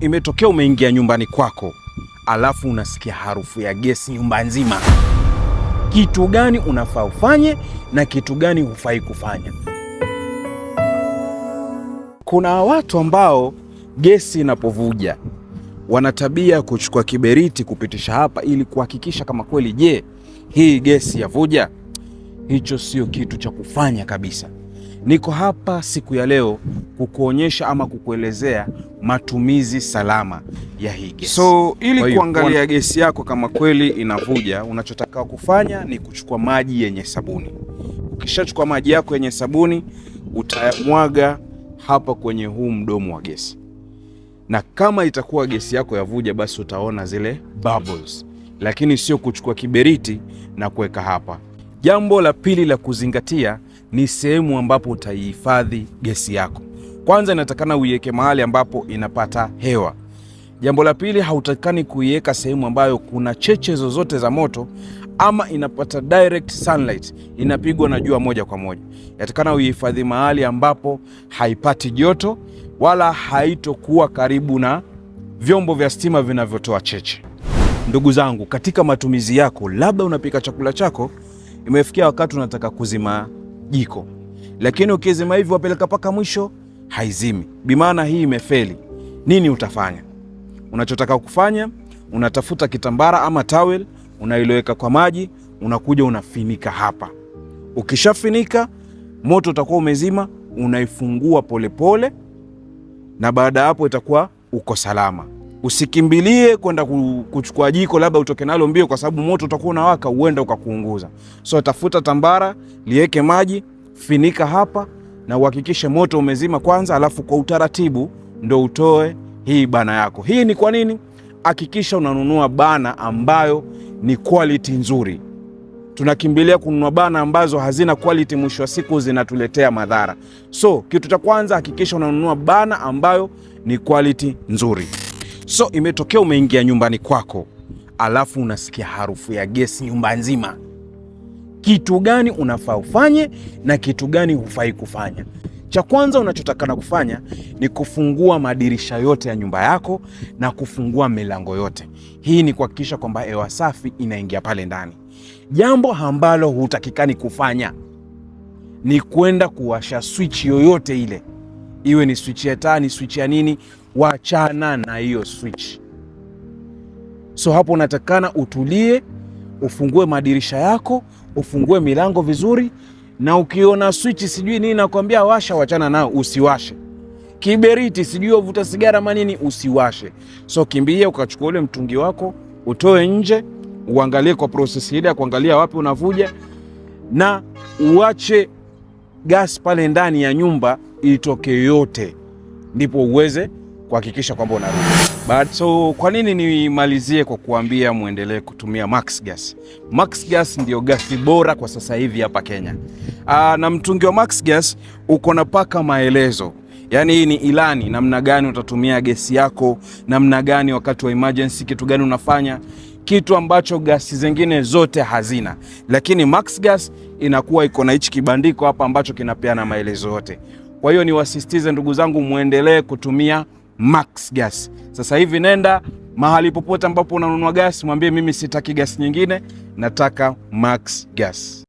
Imetokea umeingia nyumbani kwako, alafu unasikia harufu ya gesi nyumba nzima. Kitu gani unafaa ufanye na kitu gani hufai kufanya? Kuna watu ambao gesi inapovuja wana tabia kuchukua kiberiti kupitisha hapa, ili kuhakikisha kama kweli, je, hii gesi yavuja? Hicho sio kitu cha kufanya kabisa. Niko hapa siku ya leo kukuonyesha ama kukuelezea matumizi salama ya hii gesi. So ili kuangalia one... gesi yako kama kweli inavuja, unachotaka kufanya ni kuchukua maji yenye sabuni. Ukishachukua maji yako yenye sabuni, utamwaga hapa kwenye huu mdomo wa gesi, na kama itakuwa gesi yako yavuja, basi utaona zile bubbles, lakini sio kuchukua kiberiti na kuweka hapa Jambo la pili la kuzingatia ni sehemu ambapo utaihifadhi gesi yako. Kwanza inatakana uiweke mahali ambapo inapata hewa. Jambo la pili, hautakani kuiweka sehemu ambayo kuna cheche zozote za moto ama inapata direct sunlight, inapigwa na jua moja kwa moja. Yatakana uihifadhi mahali ambapo haipati joto wala haitokuwa karibu na vyombo vya stima vinavyotoa cheche. Ndugu zangu, katika matumizi yako, labda unapika chakula chako imefikia wakati unataka kuzima jiko, lakini ukizima hivi wapeleka mpaka mwisho haizimi, bimaana hii imefeli. Nini utafanya? Unachotaka kufanya, unatafuta kitambara ama tawel, unailoweka kwa maji, unakuja unafinika hapa. Ukishafinika moto utakuwa umezima, unaifungua polepole pole, na baada ya hapo itakuwa uko salama. Usikimbilie kwenda kuchukua jiko labda utoke nalo mbio, kwa sababu moto utakuwa unawaka, uenda ukakuunguza. So tafuta tambara, liweke maji, finika hapa na uhakikishe moto umezima kwanza, alafu kwa utaratibu ndo utoe hii bana yako. Hii ni kwa nini? Hakikisha unanunua bana ambayo ni quality nzuri. Tunakimbilia kununua bana ambazo hazina quality, mwisho wa siku zinatuletea madhara. So kitu cha kwanza, hakikisha unanunua bana ambayo ni quality nzuri. So imetokea umeingia nyumbani kwako, alafu unasikia harufu ya gesi nyumba nzima. Kitu gani unafaa ufanye na kitu gani hufai kufanya? Cha kwanza unachotakana kufanya ni kufungua madirisha yote ya nyumba yako na kufungua milango yote. Hii ni kuhakikisha kwamba hewa safi inaingia pale ndani. Jambo ambalo hutakikani kufanya ni kwenda kuwasha swichi yoyote ile iwe ni switch ya taa, ni switch ya nini, wachana na hiyo switch. So hapo unatakana utulie, ufungue madirisha yako, ufungue milango vizuri, na ukiona switch sijui nini nakwambia washa, wachana nayo, usiwashe kiberiti, sijui uvuta sigara manini, usiwashe. So kimbia ukachukua ule mtungi wako utoe nje, uangalie kwa prosesi ile ya kuangalia wapi unavuja, na uache gas pale ndani ya nyumba itoke yote, ndipo uweze kuhakikisha kwamba unarudi. But so kwa nini nimalizie kwa kuambia muendelee kutumia Max Gas? Max Gas ndio gasi bora kwa sasa hivi hapa Kenya. Aa, ah, na mtungi wa Max Gas uko na paka maelezo Yaani hii ni ilani, namna gani utatumia gesi yako, namna gani wakati wa emergency, kitu gani unafanya, kitu ambacho gasi zingine zote hazina, lakini Max Gas inakuwa iko na hichi kibandiko hapa ambacho kinapeana maelezo yote. Kwa hiyo niwasisitize ndugu zangu, mwendelee kutumia Max Gas. Sasa hivi nenda mahali popote ambapo unanunua gas, mwambie mimi sitaki gas nyingine, nataka Max Gas.